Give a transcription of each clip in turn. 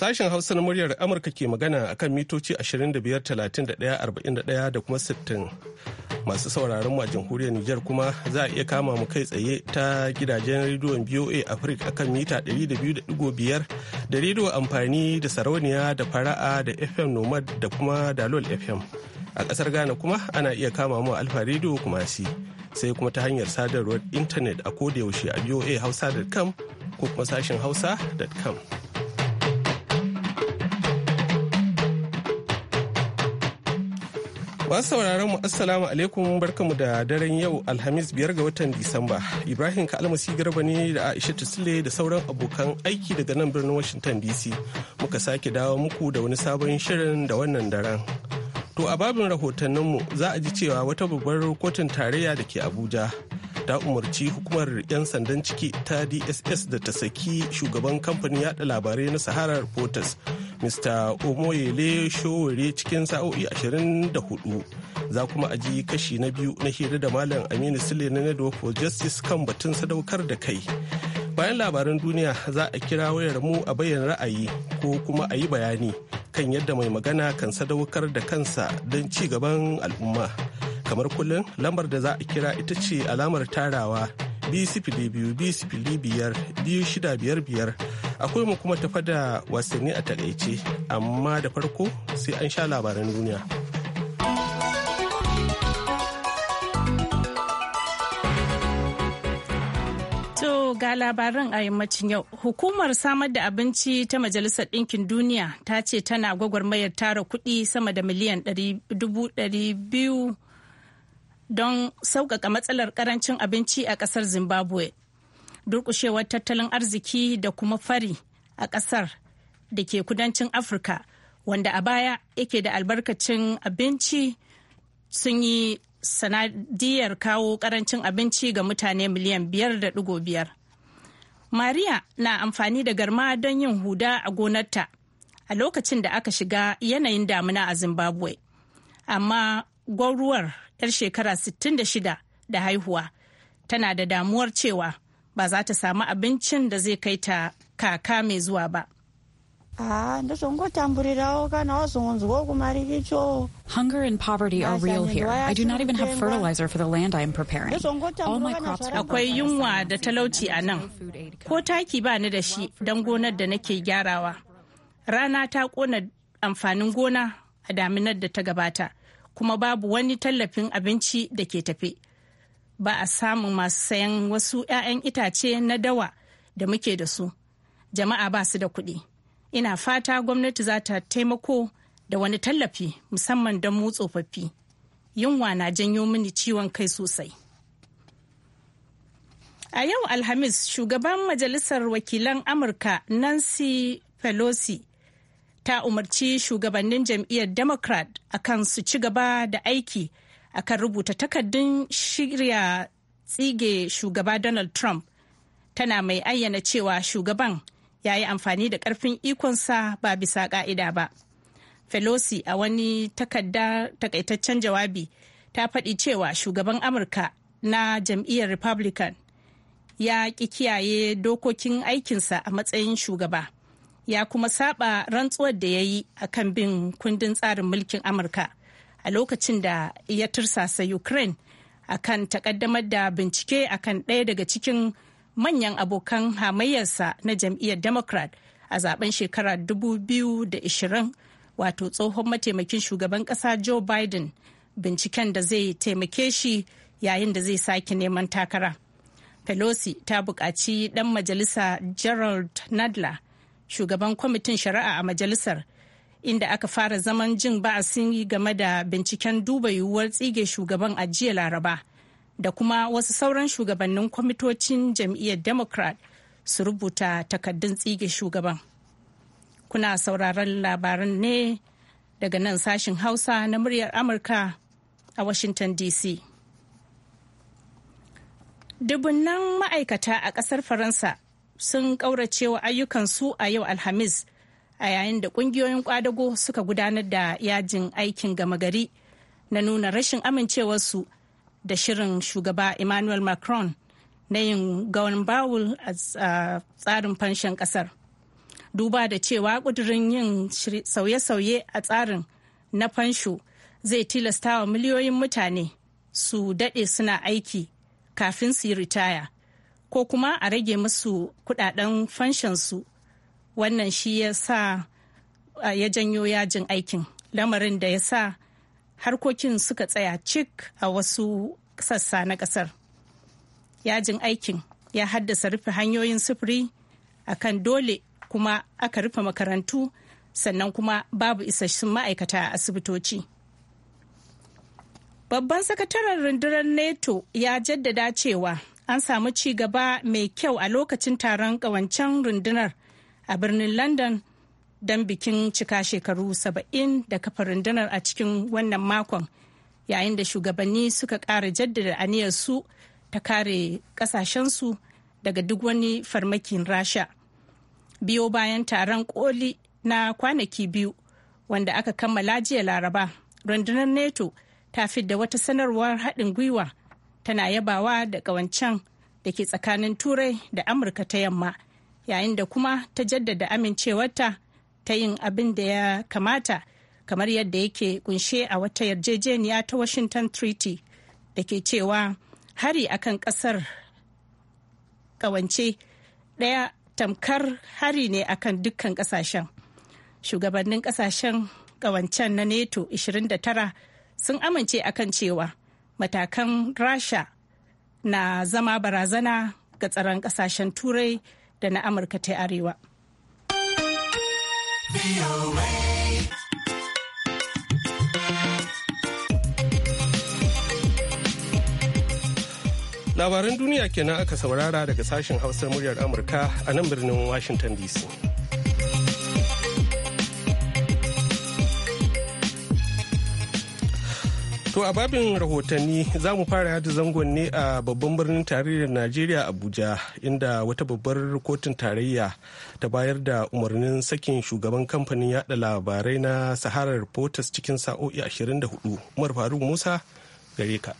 Sashen Hausa na muryar Amurka ke magana a kan mitoci 25,31,41 da kuma 60. Masu sauraron mu a jamhuriyar Nijar kuma za a iya kama mu kai tsaye ta gidajen rediyon BOA Africa a kan mita 200.5 da rediyo amfani da sarauniya da fara'a da FM Nomad da kuma Dalol FM. A ƙasar Ghana kuma ana iya kama mu Alfa rediyo kuma si. Sai kuma ta hanyar sadarwar intanet a yaushe a boa Hausa.com ko kuma sashen hausa.com. Masu sauraron mu assalamu alaikum barkamu da daren yau Alhamis biyar ga watan Disamba. Ibrahim Kalmasi Garba ne da Aisha Tusile da sauran abokan aiki daga nan birnin Washington DC. Muka sake dawo muku da wani sabon shirin da wannan daren. To a babin rahotanninmu za a ji cewa wata babbar kotun tarayya da ke Abuja ta umarci hukumar 'yan sandan ciki ta DSS da ta saki shugaban kamfanin yada labarai na Sahara Reporters mr omoyele showore cikin sa'o'i 24 za kuma a ji kashi na biyu na hira da malam aminu sule na network for justice kan batun sadaukar da kai bayan labaran duniya za a kira wayar mu a bayyana ra'ayi ko kuma a yi bayani kan yadda mai magana kan sadaukar da kansa don ci gaban al'umma kamar kullum lambar da za a kira ita ce alamar tarawa biyar akwai mu kuma ta da wasanni a takaice amma da farko sai an sha labaran duniya. ga labaran a yammacin yau hukumar samar da abinci ta majalisar ɗinkin duniya ta ce tana gwagwarmayar tara kuɗi sama da miliyan biyu don sauƙaƙa matsalar ƙarancin abinci a ƙasar zimbabwe durƙushewar tattalin arziki da kuma fari a ƙasar da ke kudancin afirka wanda a baya yake da albarkacin abinci sun yi sanadiyar kawo ƙarancin abinci ga mutane miliyan biyar da ɗigo biyar maria na amfani da garma don yin huda a gonarta a lokacin da aka shiga yanayin damina a zimbabwe amma gwauruwar 'yar shekara 66 da haihuwa tana da damuwar cewa ba za ta samu abincin da zai kai ta kaka mai zuwa ba. Ah, Hunger and poverty are real here. I do not even have fertilizer for the land I am preparing. All my crops Akwai yunwa da talauci a nan. Ko taki ba ni da shi don gonar da nake gyarawa. Rana ta kona amfanin gona a daminar da ta gabata. kuma babu wani tallafin abinci da ke tafe ba a samun masu sayan wasu 'ya'yan itace na dawa da muke da su jama'a ba su da kuɗi ina fata gwamnati za ta taimako da wani tallafi musamman don mu tsofaffi yunwa na janyo mini ciwon kai sosai a yau alhamis shugaban majalisar wakilan amurka nancy pelosi ta umarci shugabannin jam'iyyar democrat akan su ci gaba da aiki akan rubuta takardun shirya tsige shugaba donald trump tana mai ayyana cewa shugaban ya yi amfani da karfin ikonsa ba bisa ka'ida ba pelosi a wani takarda takaitaccen jawabi ta faɗi cewa shugaban amurka na jam'iyyar republican ya ƙi kiyaye dokokin aikinsa a matsayin shugaba ya kuma saba rantsuwar da ya yi a kan bin kundin tsarin mulkin amurka a lokacin da ya tursasa ukraine a kan takaddamar da bincike a kan ɗaya daga cikin manyan abokan hamayyarsa na jam'iyyar democrat a zaben shekara 2020 wato tsohon mataimakin shugaban ƙasa joe biden binciken da zai taimake shi yayin da zai sake neman takara pelosi ta buƙaci ɗan majalisa gerald nadler shugaban kwamitin shari'a a majalisar inda aka fara zaman jin ba'asin game da binciken duba yiwuwar tsige shugaban a jiya laraba da kuma wasu sauran shugabannin kwamitocin jam'iyyar democrat su rubuta takaddun tsige shugaban kuna sauraron labaran ne daga nan sashin hausa na muryar amurka a washington dc dubunnan ma'aikata a kasar faransa sun ƙauracewa ayyukansu a yau alhamis a yayin da ƙungiyoyin ƙwadago suka gudanar da yajin aikin gama gari na nuna rashin amincewarsu da shirin shugaba emmanuel macron na yin gawan bawul a tsarin fanshen ƙasar duba da cewa ƙudurin yin sauye-sauye a tsarin na fansho zai tilasta wa miliyoyin mutane su daɗe suna aiki kafin su yi ritaya ko kuma a rage musu kudaden fanshansu wannan shi ya sa ya janyo yajin aikin lamarin da ya sa harkokin suka tsaya cik a wasu sassa na kasar yajin aikin ya haddasa rufe hanyoyin sufuri a kan dole kuma aka rufe makarantu sannan kuma babu isassun ma'aikata a asibitoci babban sakataren rundunar neto ya jaddada cewa an samu ci gaba mai kyau a lokacin taron ƙawancen rundunar a birnin london don bikin cika shekaru 70 da kafa rundunar a cikin wannan makon yayin da shugabanni suka ƙara jaddada aniyar su ta kare ƙasashensu daga duk wani farmakin rasha biyo bayan taron koli na kwanaki biyu wanda aka kammala jiya laraba rundunar neto ta fidda wata sanarwar haɗin gwiwa tana yabawa da ƙawancen da ke tsakanin turai da amurka ta yamma yayin da kuma ta jaddada amincewarta ta yin abin da ya kamata kamar yadda yake kunshe a wata yarjejeniya ta washington treaty da ke cewa hari akan kasar kawance daya tamkar hari ne akan dukkan ƙasashen shugabannin ƙasashen ƙawancen na neto 29 sun amince akan cewa matakan rasha na zama barazana ga tsaron kasashen turai da na amurka ta arewa labaran duniya kenan aka saurara daga sashen hausar muryar amurka a nan birnin washington dc To a babin rahotanni za mu fara yada zangon ne a babban birnin tarayyar Najeriya Abuja inda wata babbar kotun tarayya ta bayar da umarnin sakin shugaban kamfanin yada labarai na Saharar Reporters cikin sa'o'i 24 Umar Faruk Musa gare ka.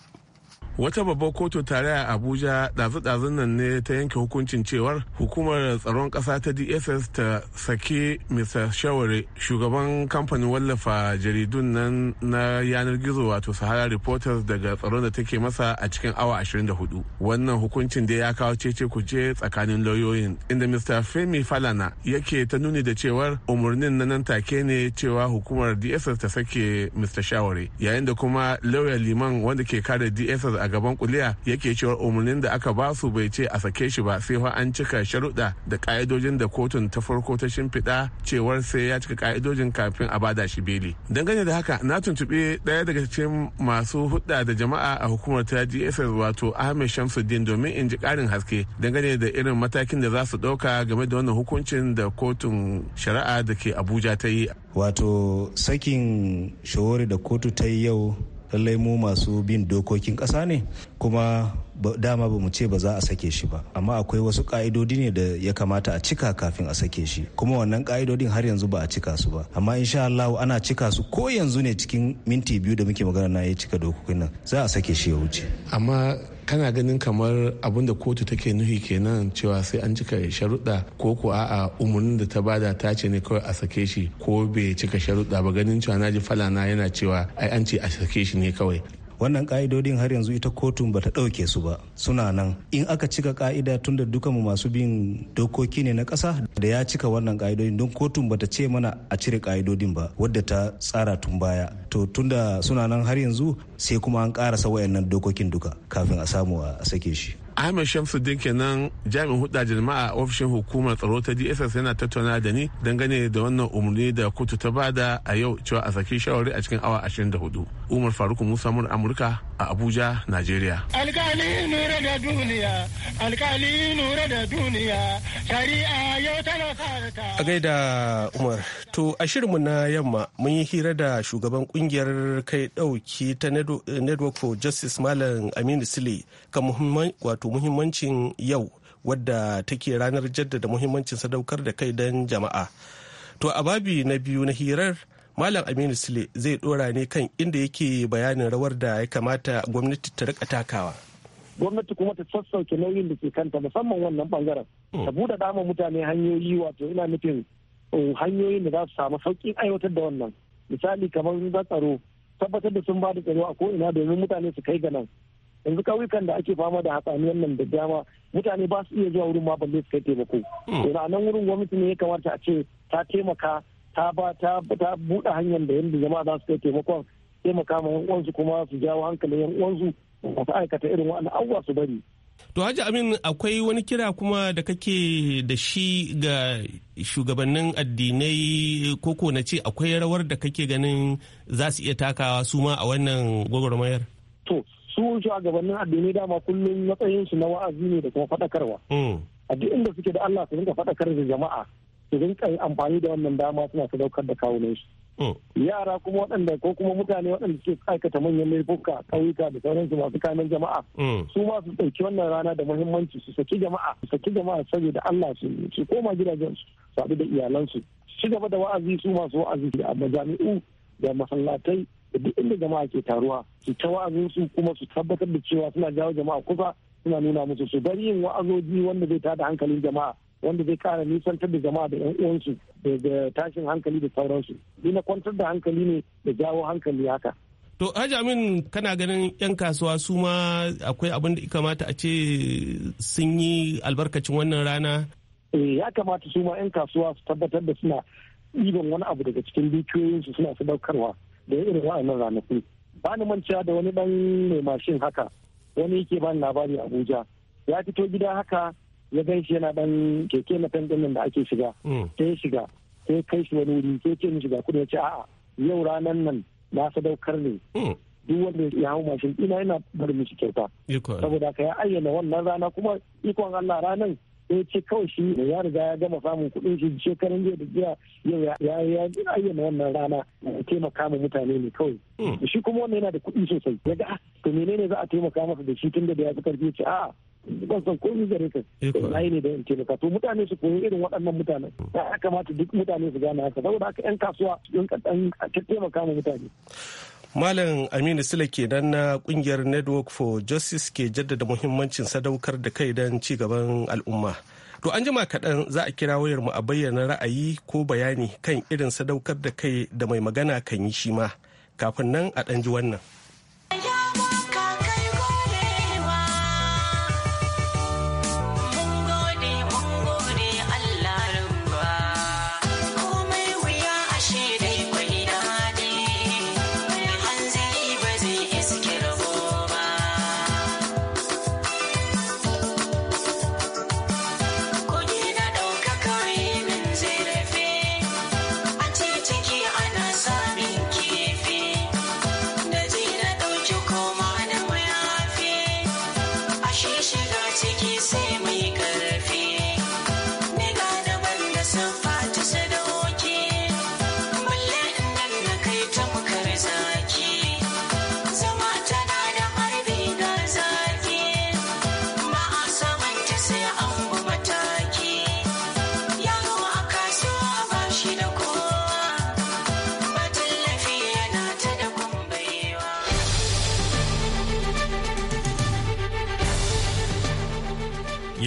wata babbar kotu tare a abuja ɗazu-ɗazun nan ne ta yanke hukuncin cewar hukumar tsaron ƙasa ta dss ta saki mr shaware shugaban kamfanin wallafa jaridun nan na yanar gizo wato sahara reporters daga tsaron da take masa a cikin awa 24 wannan hukuncin da ya kawo cece kuce tsakanin lauyoyin inda mr femi falana yake ta nuni da cewar umarnin na nan take ne cewa hukumar dss ta sake mr shaware yayin da kuma lauya liman wanda ke kare dss a gaban kuliya yake cewa umarnin da aka ba su bai ce a sake shi ba sai fa an cika sharuɗa da ka'idojin da kotun ta farko ta shimfiɗa cewar sai ya cika ka'idojin kafin a bada shi beli dangane da haka na tuntuɓi ɗaya daga cikin masu hudda da jama'a a hukumar ta dss wato ahmed shamsuddin domin in ji ƙarin haske dangane da irin matakin da za su ɗauka game da wannan hukuncin da kotun shari'a da ke abuja ta yi wato sakin shawari da kotu ta yi yau lallai mu masu bin dokokin ƙasa ne kuma dama ba mu ce ba za a sake shi ba amma akwai wasu ka'idodi ne da ya kamata a cika kafin a sake shi kuma wannan ka'idodin har yanzu ba a cika su ba amma insha Allah ana cika su ko yanzu ne cikin minti biyu da muke magana na ya cika dokokin nan za a sake shi ya wuce amma kana ganin kamar abin da kotu take nuhi kenan cewa sai an cika sharuɗa ko ko a'a umarnin da ta bada ta ce ne kawai a sake shi ko bai cika sharuɗa ba ganin cewa na ji falana yana cewa ai an ce a sake shi ne kawai wannan ka'idodin har yanzu ita kotun ba ta ɗauke su ba suna nan in aka cika ka'ida tun da duka mu masu bin dokoki ne na ƙasa da ya cika wannan ka'idodin don kotun ba ta ce mana a cire ka'idodin ba wadda ta tsara tun baya to tun da suna nan har yanzu sai kuma an ƙarasa wayannan dokokin duka kafin a samu a sake shi ahmed shamsu kenan jami'in hudda jama'a ofishin hukumar tsaro ta dss yana tattauna da ni dangane da wannan umarni da kotu ta bada a yau cewa a saki shawari a cikin awa 24 umar faruk musa mur amurka a abuja nigeria alkali nura da duniya alkali nura da duniya shari'a yau tana a gaida umar to a shirinmu na yamma mun yi hira da shugaban kungiyar kai dauki ta network for justice malam aminu sile kan muhimman wato muhimmancin yau wadda take ranar jaddada muhimmancin sadaukar da kai don jama'a to a babi na biyu na hirar malam aminu sule zai dora ne kan inda yake bayanin rawar da ya kamata gwamnati ta rika takawa gwamnati kuma ta sassauke nauyin da ke kanta musamman wannan bangaren mm. ta buɗe dama mutane hanyoyi wato ina nufin um, hanyoyin da za su samu sauƙin aiwatar da wannan misali kamar ba tsaro tabbatar da sun ba da tsaro a ko ina domin mutane su kai ga nan yanzu kauyukan da ake fama da hatsaniyar nan da dama mutane ba su iya zuwa wurin ma balle su kai taimako hmm. to a nan wurin gwamnati ne ya kamata a ce ta taimaka ta ba ta buɗe hanyar da yanda jama'a za su kai taimakon taimaka ma yan uwansu kuma su jawo hankalin yan uwansu ba su aikata irin wa'annan abubuwa su bari To Haji Amin akwai wani kira kuma da kake da shi ga shugabannin addinai koko na ce akwai rawar da kake ganin za su iya takawa su ma a wannan gwagwarmayar? su a gabanin addinai dama kullum matsayin su na wa'azi ne da kuma faɗakarwa hmm. a duk inda suke da Allah su rinka faɗakar da jama'a su rinka amfani da wannan dama suna sadaukar da kawunan su hmm. yara kuma waɗanda ko kuma mutane waɗanda suke aikata manyan laifuka ƙauyuka da sauransu masu kamar jama'a hmm. su ma su ɗauki wannan rana da muhimmanci su saki jama'a su saki jama'a saboda Allah su koma gidajen su su da iyalansu su ci gaba da wa'azi su masu wa'azi a majami'u da masallatai da duk inda jama'a ke taruwa su ta wa'azinsu kuma su tabbatar da cewa suna jawo jama'a kusa suna nuna musu su bari yin wa'azoji wanda zai tada hankalin jama'a wanda zai kara nisantar da jama'a da yan uwansu da tashin hankali da sauransu ni na kwantar da hankali ne da jawo hankali haka to amin kana ganin yan kasuwa su ma akwai abin da kamata a ce sun yi albarkacin wannan rana eh, ya kamata su ma yan kasuwa su tabbatar da suna ɗiban wani abu daga cikin dukiyoyinsu suna sadaukarwa da ya irin wa'annan ranaku ba ni manta da wani dan mai mashin haka wani yake ba labari abuja ya fito gida haka ya gan shi yana dan keke na ɗin da ake shiga mm. sai ya shiga sai kai shi wani wuri sai ce shiga kudu ya ce a'a yau ranar nan na sadaukar ne mm. duk wanda ya hau mashin ina yana bari mishi kyauta saboda ka ya ayyana wannan rana kuma ikon Allah ranar ya ce kawai shi ya riga ya gama samun kuɗin shi shekaran jiya da jiya yau ya ayyana wannan rana taimaka ma mutane ne kawai hmm. shi kuma wannan yana da kuɗi sosai ya ga ah, to menene za a taimaka masa da shi tun da ya fi karfi ce a'a ah, ban san komi gare ka eh ai ne da in taimaka to mutane su koyi irin waɗannan mutane ya kamata duk mutane su gane haka saboda haka yan kasuwa su ɗan taimaka ma mutane Malam Aminu ke nan na kungiyar Network for Justice ke jaddada muhimmancin sadaukar da kai don ci gaban al'umma. To an jima kaɗan za a kira wayar mu a bayyana ra'ayi ko bayani kan irin sadaukar da kai da mai magana kan yi shi ma. Kafin nan a ɗan ji wannan.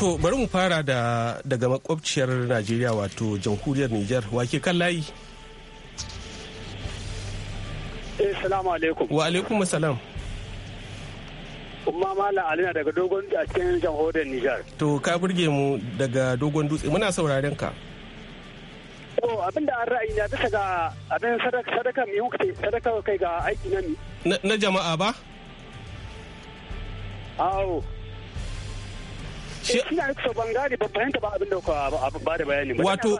To bari mu fara da daga makwabciyar Najeriya wato jamhuriyar Nijar wake kan layi. Assalamu eh, alaikum. Wa alaikum assalam. kuma Mala Alina daga Dogon a cikin jamhuriyar Nijar. To ka burge mu daga Dogon Dutse muna sauraren ka. ko abin da an ra'ayi na bisa ga abin sadaka mai hukunta sadaka kai ga aiki na Na jama'a ba? Awo. shi eh, ina ban ba fahimta ba abin da ba da bayani ba wato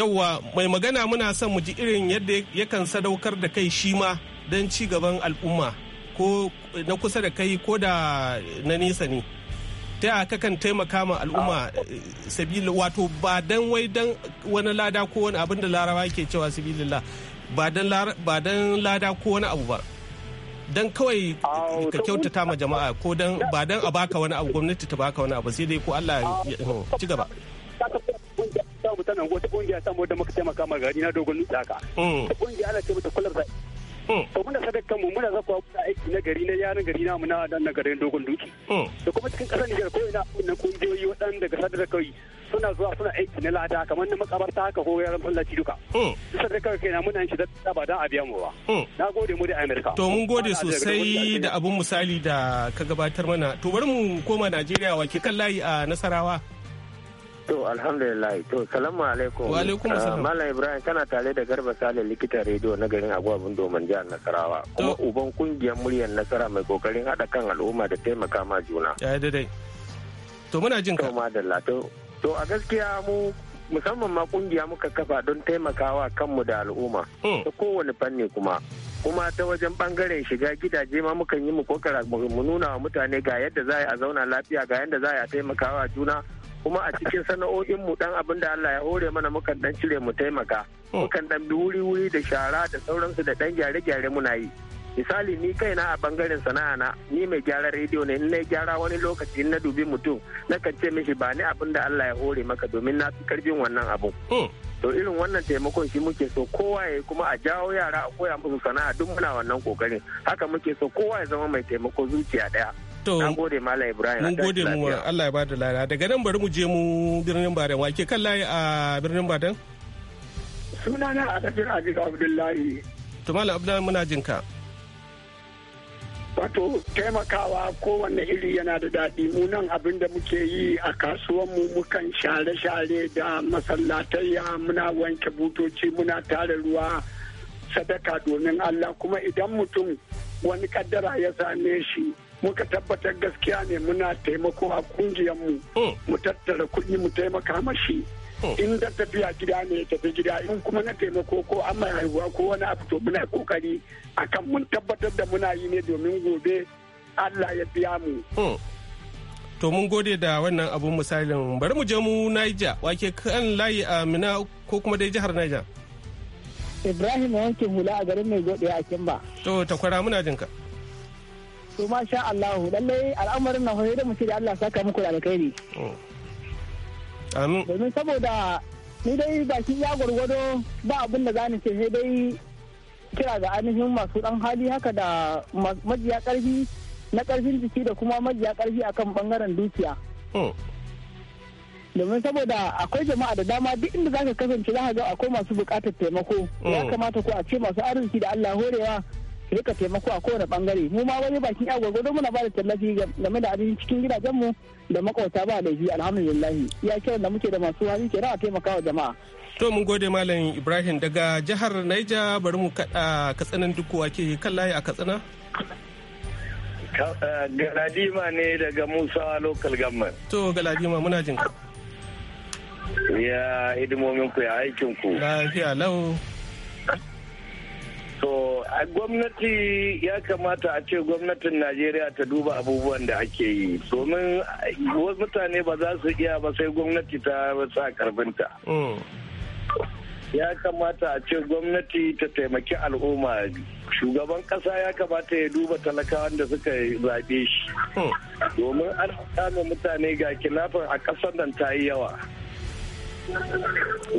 yawa mai magana muna son mu ji irin yadda yakan sadaukar da kai shi ma don ci gaban al'umma ko na kusa da kai ko da na nesa ne ta yaya kan taimaka ma al'umma ah, eh, sabila wato ba dan wai dan wani lada ko wani abin da larawa ke cewa sabilillah ba dan lada ko wani abu ba dan kawai ka kyautata ma jama'a ko dan ba dan a baka wani abu gwamnati ta baka wani abu sai dai ko Allah ya ci gaba ta ta wata kungiya ta mu da muka taimaka ma gari na dogon nutsaka ta kungiya ana ce mata kullar Mm. to muna sadakan mu muna zakwa muna aiki na gari na yaran gari namu na dan garin dogon duki mm. da kuma cikin kasar Nijar ko ina na kungiyoyi wadanda daga sadar kai suna zuwa suna aiki na lada kamar na makabarta haka ko yaran fallaci duka bisa mm. da kai kenan muna shi da ba dan a biya mu ba na gode mu da Amerika to mun gode sosai da abun misali da ka gabatar mana to bari mu koma Najeriya wa ki kan layi a Nasarawa To alhamdulillah to salamu alaikum. Wa alaikum ah, salam. Malam Ibrahim kana tare da Garba Sale likita rediyo na garin Agwabin Domin jihar Nasarawa. Kuma uban kungiyar muryar Nasara mai kokarin hada kan al'umma da taimaka ma juna. Ya dai. To muna jin ka. To madalla to to a gaskiya mu musamman ma kungiya muka kafa don taimakawa kanmu da al'umma hmm. ta kowane fanni kuma kuma ta wajen bangaren shiga gidaje ma mukan yi mu kokara mu nuna wa mutane ga yadda za a zauna lafiya ga yadda za a taimakawa juna kuma a cikin sana'o'in mu dan abin da Allah ya hore mana mukan dan cire mu taimaka oh. mukan dan bi wuri wuri da shara da sauransu da dan gyare gyare muna yi misali ni kaina a bangaren sana'a na ni mai gyara rediyo ne in na gyara wani lokaci na dubi mutum na kan ce mishi ba ni abin da Allah ya hore maka domin na fi karfin wannan abun oh. to irin wannan taimakon shi muke so kowa ya kuma a jawo yara a koya musu sana'a duk muna wannan kokarin haka muke so kowa ya zama mai taimako zuciya daya To, gode Malam Ibrahim. Mun gode mu Allah ya ba da lada. Daga nan bari mu je mu birnin Baden. Wa ke kan layi a birnin Baden? Sunana a tafiyar Ajiga Abdullahi. To Malam Abdullahi muna jin ka. Wato taimakawa kowanne iri yana da daɗi mu nan abin da muke yi a mu mukan share-share da masallatayya muna wanke butoci muna tara ruwa sadaka domin Allah kuma idan mutum wani kaddara ya same shi muka tabbatar gaskiya ne muna taimako a kungiyarmu oh. mu tattara kuɗi mu taimaka mashi oh. in da tafiya gida ne ya tafi gida in kuma na taimako ko an mai haihuwa ko wani abu to muna kokari akan mun tabbatar da muna yi ne domin gobe Allah ya biya mu oh. to mun gode da wannan abun misalin bari mu je mu Niger wake kan layi a Mina ko kuma dai jihar Niger Ibrahim wanke hula a garin mai a Kimba to takwara muna jinka ka to ma sha Allah lallai al'amarin na hoye da muke da Allah saka muku da alkhairi amin domin saboda ni dai bakin ya gwargwado ba abin da zani ce sai dai kira ga ainihin masu dan hali haka da majiya karfi na karfin jiki da kuma majiya karfi akan bangaren dukiya domin saboda akwai jama'a da dama duk inda zaka kasance za ga akwai masu bukatar taimako ya mm. kamata ko a ce masu arziki da Allah horewa rika taimako a kowane bangare mu ma wani bakin ya gwagwado muna ba da tallafi game da abin cikin gidajenmu da makwabta ba laifi alhamdulillah ya kiran da muke da masu hali kenan a taimakawa jama'a to mun gode malam ibrahim daga jihar naija bari mu kada katsinan duk ake kan layi a katsina eh, galadima ne daga musa local government to galadima muna jin ka ya hidimomin ku ya aikin ku lafiya lau To, gwamnati ya kamata a ce gwamnatin Najeriya ta duba abubuwan da ake yi. Domin wasu mutane ba za su iya ba sai gwamnati ta sa karbinta. Mm. Ya kamata a ce gwamnati ta taimaki al'umma. Shugaban ƙasa ya kamata ya duba talakawan da suka zaɓe shi. Mm. Domin ana kame mutane ga kilafin a ƙasar nan ta yi yawa.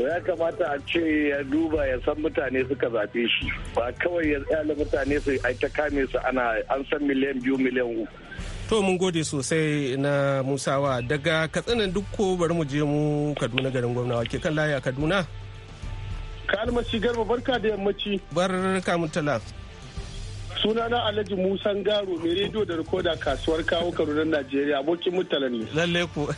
ya kamata a ce ya duba ya san mutane suka zaɓe shi ba kawai ya tsala mutane su ai ta kame su ana an san miliyan biyu miliyan uku to mun gode sosai na musawa daga katsinan ko bari mu je mu kaduna garin gwamna wake kan laya kaduna kalmaci garba barka da yammaci barka mutala sunana alhaji musan garo mai rediyo da rikoda kasuwar kawo kaduna najeriya abokin mutala ne lalle ku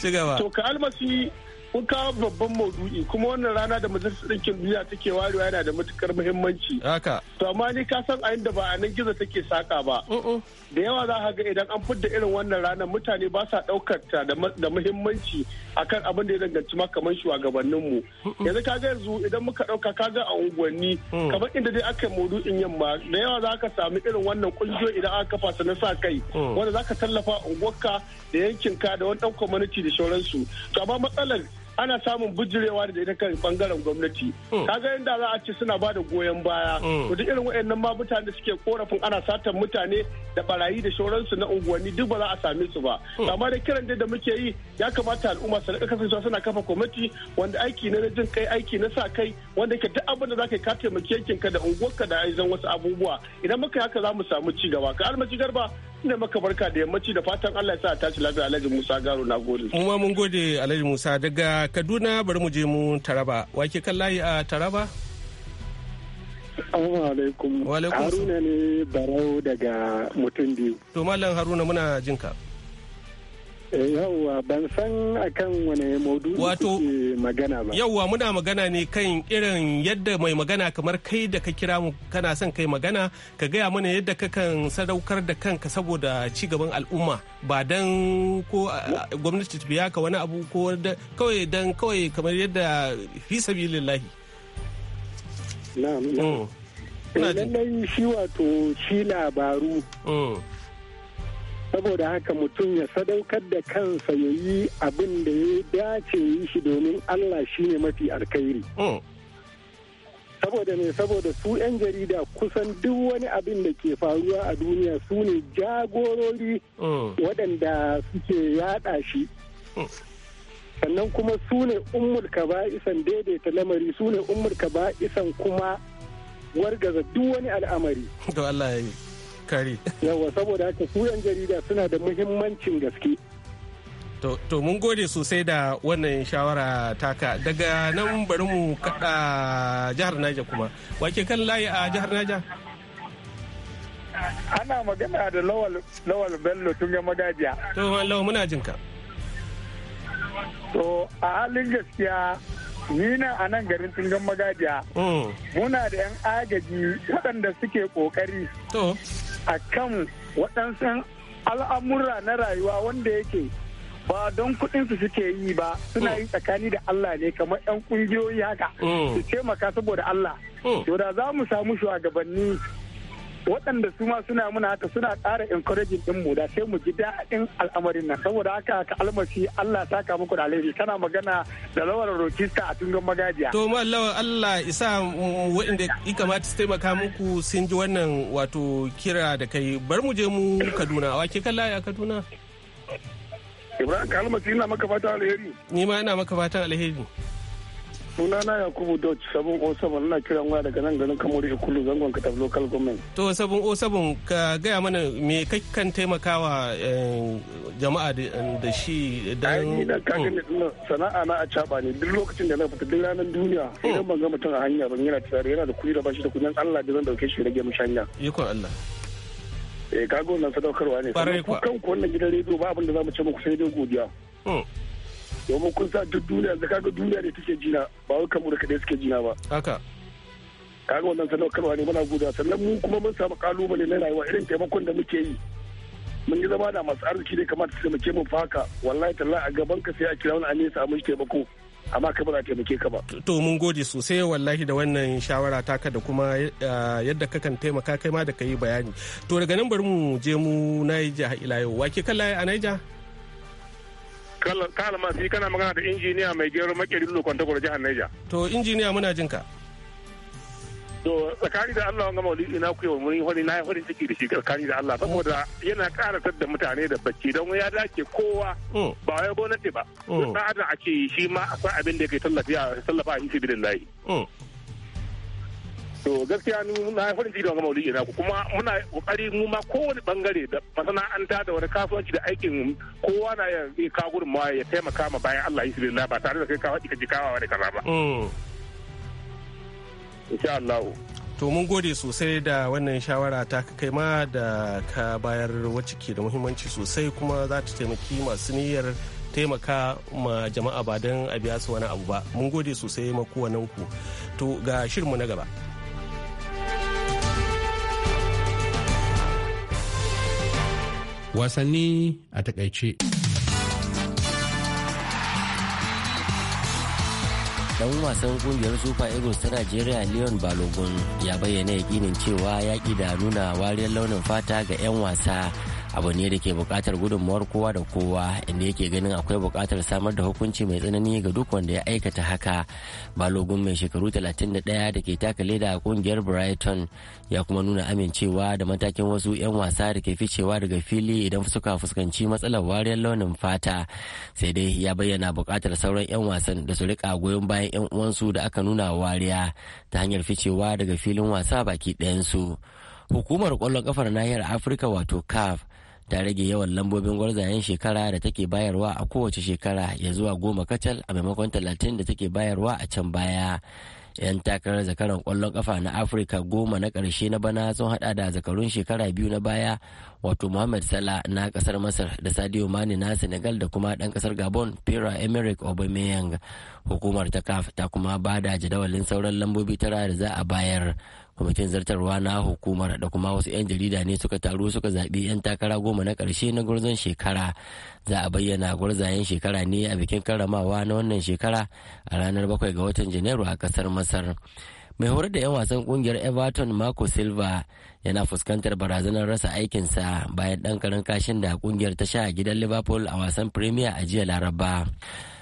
Ci To ka almasi kun kawo babban maudu'i kuma wannan rana da majalisar ɗinkin duniya take warewa yana da matukar muhimmanci. Haka. To amma ni ka san ayin da ba a nan gizo take saka ba. Uh-uh. Da yawa za ka ga idan an fidda irin wannan rana mutane ba sa ɗaukar ta da muhimmanci akan abin da ya danganci ma kamar shugabannin mu. Uh-uh. Yanzu ka ga yanzu idan muka ɗauka ka ga a unguwanni uh. kamar inda dai aka yi maudu'in yamma da yawa za ka sami irin wannan kungiyoyi idan aka kafa su na sa kai uh. wanda za ka tallafa unguwarka da yankinka da wani ɗan community da sauransu. To amma matsalar ana samun bujirewa da ita kan bangaren gwamnati hmm. kaga yadda za a ce suna ba da goyon baya hmm. to duk irin waɗannan ma mutane suke korafin ana satan mutane da barayi da shauransu na unguwanni duk ba za a same su ba hmm. amma da kiran da muke yi ya kamata al'umma su rika kasancewa suna kafa kwamiti wanda aiki na jin kai aiki na sa kai wanda ke duk abin da za ka yi ka taimaki ka da unguwarka da aizan wasu abubuwa idan muka haka za mu samu ci gaba ka almaci garba ina maka barka da yammaci da fatan Allah ya sa tashi lafiya Alhaji Musa Garo na gode. mun gode Alhaji Musa daga kaduna bari mu je mu taraba wa ke kan layi a taraba alaikum haruna ne barau daga mutum biyu to malam haruna muna jinka Eh, yawwa ban san akan wane maudu'i wato magana ba yawwa muna magana ne kan irin yadda mai magana kamar kai da ka kira mu kana son kai magana ka gaya mana yadda ka kan sadaukar da kanka saboda ci gaban al'umma ba dan ko gwamnati ta biya ka wani abu ko kawai dan kawai kamar yadda fi sabilillahi na'am na'am mm. eh, lallai shi wato shi labaru mm. saboda haka mutum ya sadaukar da kansa ya yi abin da ya dace yi shi domin Allah shi ne mafi alkhairi. Oh. saboda ne saboda su 'yan jarida kusan duk wani abin da ke faruwa a duniya su ne jagorori oh. waɗanda suke yaɗa shi oh. sannan kuma su ne umurka ba isan daidaita lamari su ne umurka ba isan kuma wargaza duk wani al'amari kare Yawwa saboda haka su yan jarida suna da muhimmancin gaske to mun gode sosai da wannan shawara taka daga nan bari mu kada jihar naija kuma wake kan layi a jihar naija ana magana da lawal bello tun ya magajiya to lawal muna jinka to a halin gaskiya ni na a nan garin tungan magajiya mm. muna da 'yan agaji waɗanda suke ƙoƙari a kan waɗansu al'amura na rayuwa wanda yake ba don kuɗin su suke yi ba suna yi tsakani da Allah ne kamar 'yan ƙungiyoyi haka mm. su taimaka saboda Allah. Mm. To da za mu samu shugabanni waɗanda su ma suna muna haka suna ƙara encouraging din mu da sai mu ji daɗin al'amarin nan saboda haka ka almasi Allah saka muku da alheri kana magana da lawar rokista a tungan magajiya to mallawa Allah isa waɗanda ya kamata su taimaka muku sun ji wannan wato kira da kai bar mu je mu Kaduna wake kalla a Kaduna Ibrahim ka almasi ina maka fatan alheri ni ma ina maka fatan alheri sunana yakubu dodge sabon o oh sabon na kiran waya daga nan garin kamar ikulu zangon katab local government to sabon o oh sabon ka gaya mana me kai kan taimakawa eh, jama'a da shi dan da kaga mm. ne sana'a na a caba ne duk lokacin da na fita duk ranar duniya mm. idan ban ga mutum a hanya ban yana tsare yana da kuɗi da bashi da kuɗin Allah da zan dauke shi rage mishi hanya ikon Allah eh kago nan sadaukarwa ne kuma kan ku wannan gidan rediyo ba abin da zamu ce muku sai dai godiya mm. domin kun sa duk duniya da kaga duniya da take jina ba wai kamar da kadai suke jina ba haka kaga wannan sadaukarwa ne muna guda sannan mu kuma mun samu kalubale na rayuwa irin taimakon da muke yi mun yi zama da masu arziki ne kamata su taimake mu faka wallahi tallahi a gaban ka sai a kira wani anesa a mun taimako amma ka ba taimake ka ba. To mun gode sosai wallahi da wannan shawara taka da kuma eh, yadda ka kan taimaka kai ma da ka bayani. To daga nan bari mu je mu Naija ila yau. Wake kan laye a Naija? kala masu kana magana da injiniya mai gero makeri lokon takwar jihar Naija. To injiniya muna jin ka. To tsakani da Allah wanga maulidi na kuwa muni wani na farin ciki da shi tsakani da Allah saboda yana karatar da mutane da bacci don ya dace kowa mm. ba wai gwamnati ba. Mm. Sa'ada a ce shi ma akwai abin da ke tallafa a shi bidin layi. Mm. to gaskiya ni na farin ciki da wanga maulidi na kuma muna kokari mu ma kowane bangare da masana'anta da wani kasuwanci da aikin kowa na ya kawo ma ya taimaka ma bayan Allah yi sirrin ba tare da kai kawo ka ji kawawa da kaza ba mm. insha Allah to mun gode sosai da wannan shawara ta kai ma da ka bayar wacce ke da muhimmanci sosai kuma za ta taimaki masu niyyar taimaka ma jama'a ba don a biya su wani abu ba mun gode sosai ma kowannen ku to ga shirinmu na gaba wasanni a takaice. dan wasan kungiyar super eagles ta nigeria leon balogun ya bayyana yakinin cewa yaƙi da nuna wariyar launin fata ga 'yan wasa abu ne da ke bukatar gudunmuwar kowa da kowa inda yake ganin akwai bukatar samar da hukunci mai tsanani ga duk wanda ya aikata haka balogun mai shekaru 31 da ke taka leda a ƙungiyar brighton ya kuma nuna amincewa da matakin wasu 'yan wasa da ke ficewa daga fili idan suka fuskanci matsalar wariyar launin fata sai dai ya bayyana bukatar sauran 'yan wasan da su rika goyon bayan 'yan uwansu da aka nuna wariya ta hanyar ficewa daga filin wasa baki ɗayansu. hukumar kwallon kafar nahiyar afirka wato caf ta rage yawan lambobin gwarzayen shekara da take bayarwa a kowace shekara ya zuwa goma kacal a maimakon talatin da take bayarwa a can baya. 'yan takarar zakaran kwallon kafa na afirka goma na karshe na bana sun hada da zakarun shekara biyu na baya wato mohamed salah na kasar masar da sadio mani na senegal da kuma dan kasar gabon pierre emerick aubameyang hukumar ta kaf ta kuma bada jadawalin sauran lambobi tara da za a bayar kwamitin zartarwa na hukumar da kuma wasu 'yan jarida ne suka taru suka zaɓi 'yan takara goma na ƙarshe na gwarzon shekara za a bayyana gwarzayen shekara ne a bikin karramawa na wannan shekara a ranar bakwai ga watan janairu a ƙasar masar mai horar da 'yan wasan kungiyar everton marco silva yana fuskantar barazanar rasa aikinsa bayan ɗan karin kashin da kungiyar ta sha a gidan liverpool a wasan premier a jiya laraba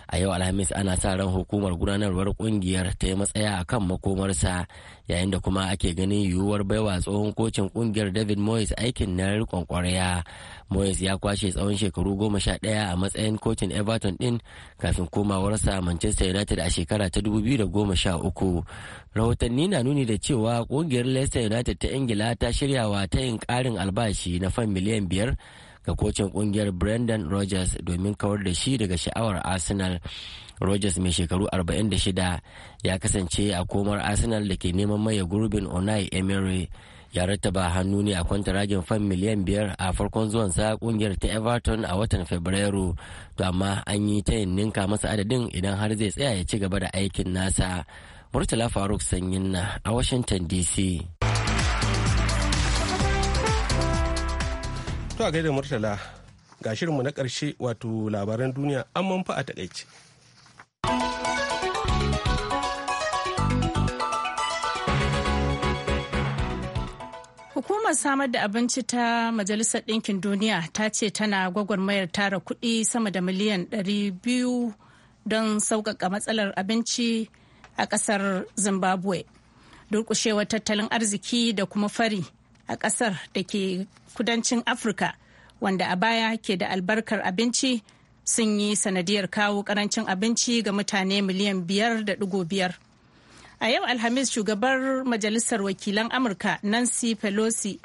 a yau alhamis ana sa ran hukumar gudanarwar kungiyar ta yi matsaya a kan makomarsa yayin da kuma ake ganin yiwuwar baiwa tsohon kocin kungiyar david moyes aikin na rikon kwarya moyes ya kwashe tsawon shekaru goma sha ɗaya a matsayin kocin everton din kafin komawarsa manchester united a shekara ta dubu da goma sha uku rahotanni na nuni da cewa kungiyar leicester united ta ingila ta shiryawa ta yin karin albashi na fan miliyan biyar ga kocin kungiyar Brendan Rodgers domin kawar da shi daga sha'awar Arsenal. Rodgers mai shekaru 46 ya kasance a komar Arsenal da ke neman maye gurbin Unai Emery. ya rattaba hannu ne a kwantaragin fan miliyan biyar a farkon zuwan sa kungiyar ta everton a watan fabrairu to amma an yi ta yin ninka masa adadin idan har zai tsaya ya ci gaba da aikin nasa murtala faruk sanyin na a washington dc To a gaida Murtala ga shirinmu na ƙarshe wato labaran duniya an manfa a takaice. Hukumar samar da abinci ta Majalisar Ɗinkin Duniya ta ce tana gwagwarmayar tara kuɗi sama da miliyan 200 don sauƙaƙa matsalar abinci a ƙasar Zimbabwe. Durƙushewar tattalin arziki da kuma fari a ƙasar da ke kudancin afirka wanda a baya ke da albarkar abinci sun yi sanadiyar kawo karancin abinci ga mutane miliyan biyar da digo biyar a yau alhamis shugabar majalisar wakilan amurka nancy pelosi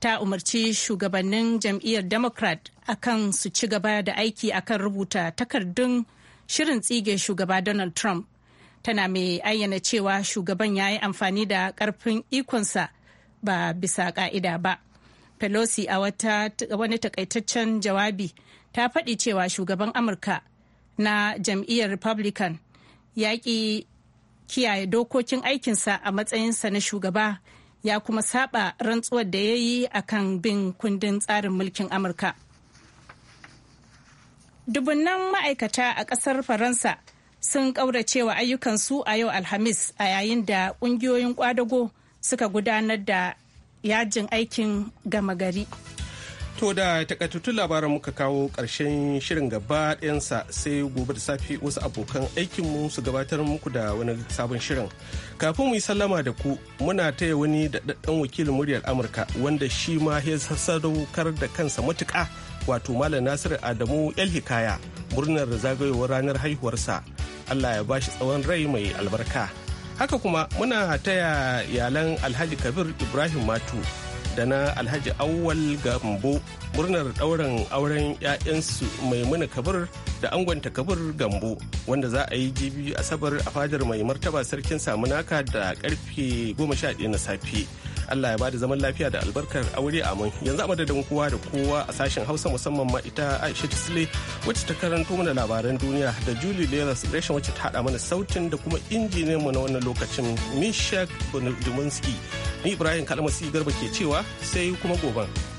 ta umarci shugabannin jam'iyyar democrat akan su ci gaba da aiki akan rubuta takardun shirin tsige shugaba donald trump tana mai ayyana cewa shugaban ya yi amfani da karfin ikonsa ba bisa ka'ida ba pelosi a wani takaitaccen jawabi ta faɗi cewa shugaban amurka na jam'iyyar republican ya ƙi kiyaye dokokin aikinsa a matsayinsa na shugaba ya kuma saba rantsuwar da ya yi a kan bin kundin tsarin mulkin amurka dubunnan ma'aikata a ƙasar faransa sun ƙauracewa ayyukansu a yau alhamis a yayin da ƙungiyoyin ƙwadago suka gudanar da yajin aikin gama gari. To da takaitattun labaran muka kawo ƙarshen shirin gaba ɗayansa sai gobe da safe wasu abokan aikinmu su gabatar muku da wani sabon shirin. Kafin mu yi sallama da ku muna taya wani daɗaɗɗen wakilin muryar Amurka wanda shi ma ya sadaukar da kansa matuƙa wato Malam Nasiru Adamu El Hikaya murnar zagayowar ranar haihuwarsa. Allah ya bashi tsawon rai mai albarka. haka kuma muna taya iyalan alhaji kabir ibrahim matu da na alhaji awwal gambo murnar ɗaurin auren 'ya'yansu maimuna kabir da angonta kabir gambo wanda za a yi jibi asabar a fadar mai martaba sarkin samunaka da karfe 11 na safe Allah ya bada zaman lafiya da albarkar aure amin yanzu a madadin kowa da kowa a sashen Hausa musamman ma ita Aisha Tisle wacce ta karanto mana labaran duniya da Julie Leras Gresham wacce ta hada mana sautin da kuma injiniyan mu na wannan lokacin Mishak Dumunski ni Ibrahim Kalmasi Garba ke cewa sai kuma goban.